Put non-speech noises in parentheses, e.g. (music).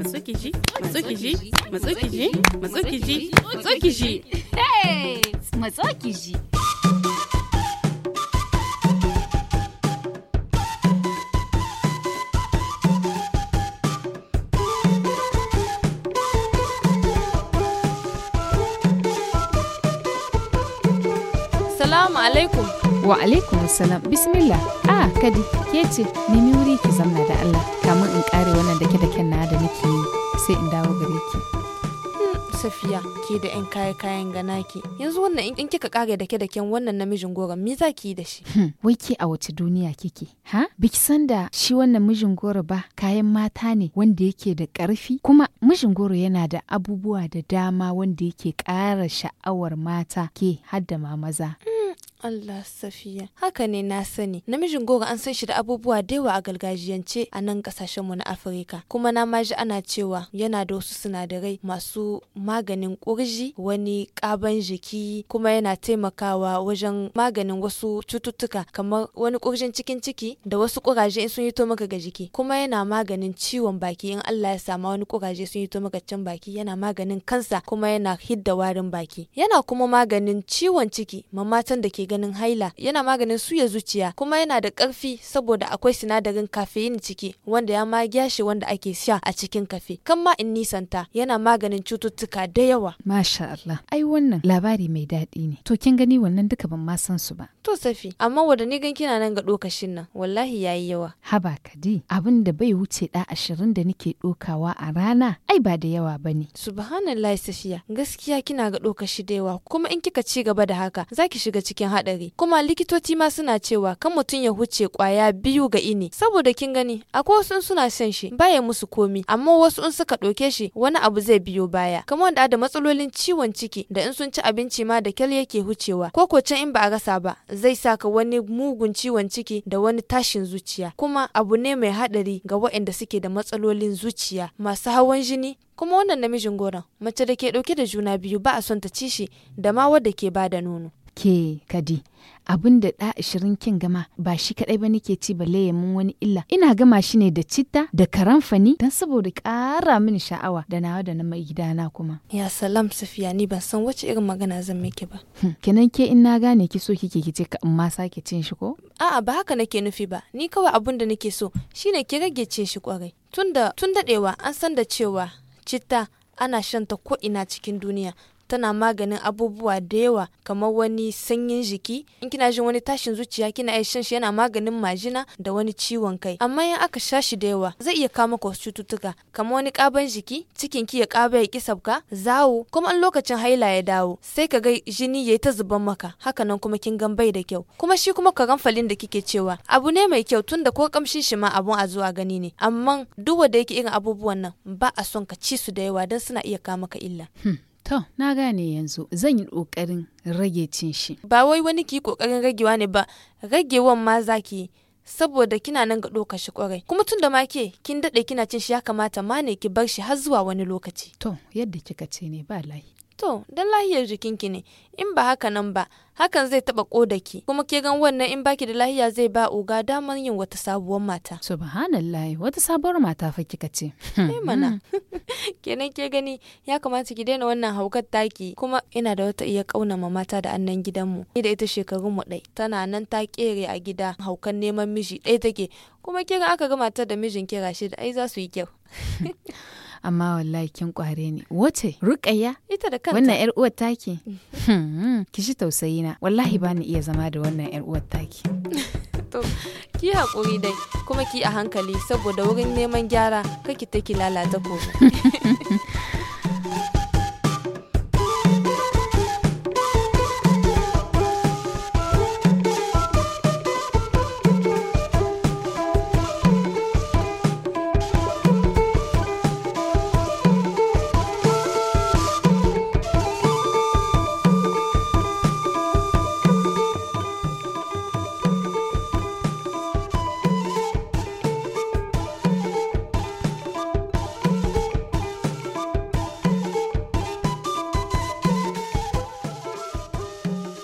Matsukiji, Matsukiji, Matsukiji, Matsukiji, Matsukiji. Hey! Matsukiji. السلام عليكم وعليكم السلام بسم الله آه كدي كيتي نمي وريكي زمنا الله sai in dawo gare ki hmm, safiya ke da yan kaya kayan gana ke yanzu wannan in kika kare da ke da ken wannan namijin goron me za ki yi da shi hmm, wai ke a wace duniya kike ha biki san da shi wannan mijin goro ba kayan mata ne wanda yake da ƙarfi? kuma mijin goro yana da abubuwa da dama wanda yake ƙara sha'awar mata ke hadda ma maza hmm, Allah safiya. Haka ne na sani. Namijin goro an san shi da abubuwa da yawa a gargajiyance a nan kasashen mu na Afirka. Kuma na ma ana cewa yana da wasu sinadarai masu maganin kurji, wani kaban jiki, kuma yana taimakawa wajen maganin wasu cututtuka kamar wani kurjin cikin ciki da wasu kuraje in sun yi to maka ga jiki. Kuma yana maganin ciwon baki in Allah ya sama wani kuraje sun yi to maka can baki yana maganin kansa kuma yana hidda warin baki. Yana kuma maganin ciwon ciki mamatan da ke ganin haila yana maganin suya zuciya kuma yana da ƙarfi saboda akwai sinadarin yin ciki wanda ya ma shi wanda ake sha a cikin kafe kan ma in nisanta yana maganin cututtuka da yawa masha Allah ai wannan labari mai daɗi ne to kin gani wannan duka ban ma san su ba To Safi, amma wada ni gan kina nan ga dokashin nan, wallahi yayi yawa. Haba kadi, abin da bai wuce da ashirin da nake dokawa a rana, ai ba da yawa bane. Subhanallah Safiya, gaskiya kina ga dokashi da yawa, kuma in kika ci gaba da haka, zaki shiga cikin haɗari. Kuma likitoci ma suna cewa kan mutum ya huce kwaya biyu ga ini, saboda kin gani, akwai wasu suna shan shi, baya musu komi, amma wasu in suka doke shi, wani abu zai biyo baya. Kamar wanda da matsalolin ciwon ciki da in sun ci abinci ma da kyal yake hucewa, ko ko can in ba a gasa ba, zai saka wani mugun ciwon ciki da wani tashin zuciya kuma abu ne mai haɗari ga waɗanda suke da matsalolin zuciya masu hawan jini kuma wannan namijin goron mace da ke ɗauke da juna biyu ba a son ta ci shi da ma wadda ke ba da nono ke kadi abin da da ashirin kin gama ba shi kaɗai ba nake ci balle ya mun wani illa ina gama shi ne da citta da karamfani don saboda ƙara min sha'awa da nawa da na mai gidana kuma ya salam safiya ni ban san wace irin magana zan miki ba hmm, kenan ke in na gane ki so kike kice ka amma sake cin shi ko a'a ba haka nake nufi ba ni kawai abun da nake so shine ki rage cin shi kwarai tunda tun dadewa an san da cewa citta ana shan ta ko ina cikin duniya tana maganin abubuwa da yawa kamar wani sanyin jiki in kina jin wani tashin zuciya kina iya shan shi yana maganin majina da wani ciwon kai amma in aka sha shi da yawa zai iya kama wasu cututtuka kamar wani kaban jiki cikin ki ya kaba ya kisabka zawo kuma in lokacin haila ya dawo sai ka ga jini yayi ta zuban maka Haka nan kuma kin gan bai da kyau kuma shi kuma ka ganfalin da kike cewa abu ne mai kyau tunda ko kamshin shi ma abun a zuwa gani ne amma duk wanda yake irin abubuwan nan ba a son ka ci su da yawa Dan suna iya kama ka illa hmm. To, na gane yanzu zan yi ƙoƙarin rage cin shi. Ba wai wani ki ƙoƙarin ragewa ne ba, ragewan ma za ki saboda kina nan ga ɗoka shi ƙwarai. Kuma tun da ma ke kin daɗe kina cin shi ya kamata ma ne ki bar shi har zuwa wani lokaci. To, yadda kika ce ne ba layi. to don lahiyar jikinki ne in ba haka nan ba hakan zai taba ƙodaki kuma ke gan wannan in baki da lahiya zai ba uga damar yin wata sabuwar mata subhanallah wata sabuwar mata fa kika ce (laughs) eh, mana (laughs) kenan ke gani ya kamata ki daina wannan haukar taki kuma ina da wata iya kaunama mata da annan gidanmu ni da ita shekarun mu ɗaya tana nan ta kere a gida haukan neman miji ɗaya take kuma kira aka ga matar da mijin kera shi da ai za su yi kyau (laughs) amma wallahi kin kware ne wace rukayya ita da kanta wannan yar uwar taki mm. hmm, ki shi tausayi na wallahi bani iya zama da wannan yar uwar taki (laughs) to ki haƙuri dai kuma ki a hankali saboda wurin neman gyara kake take lalata ko (laughs)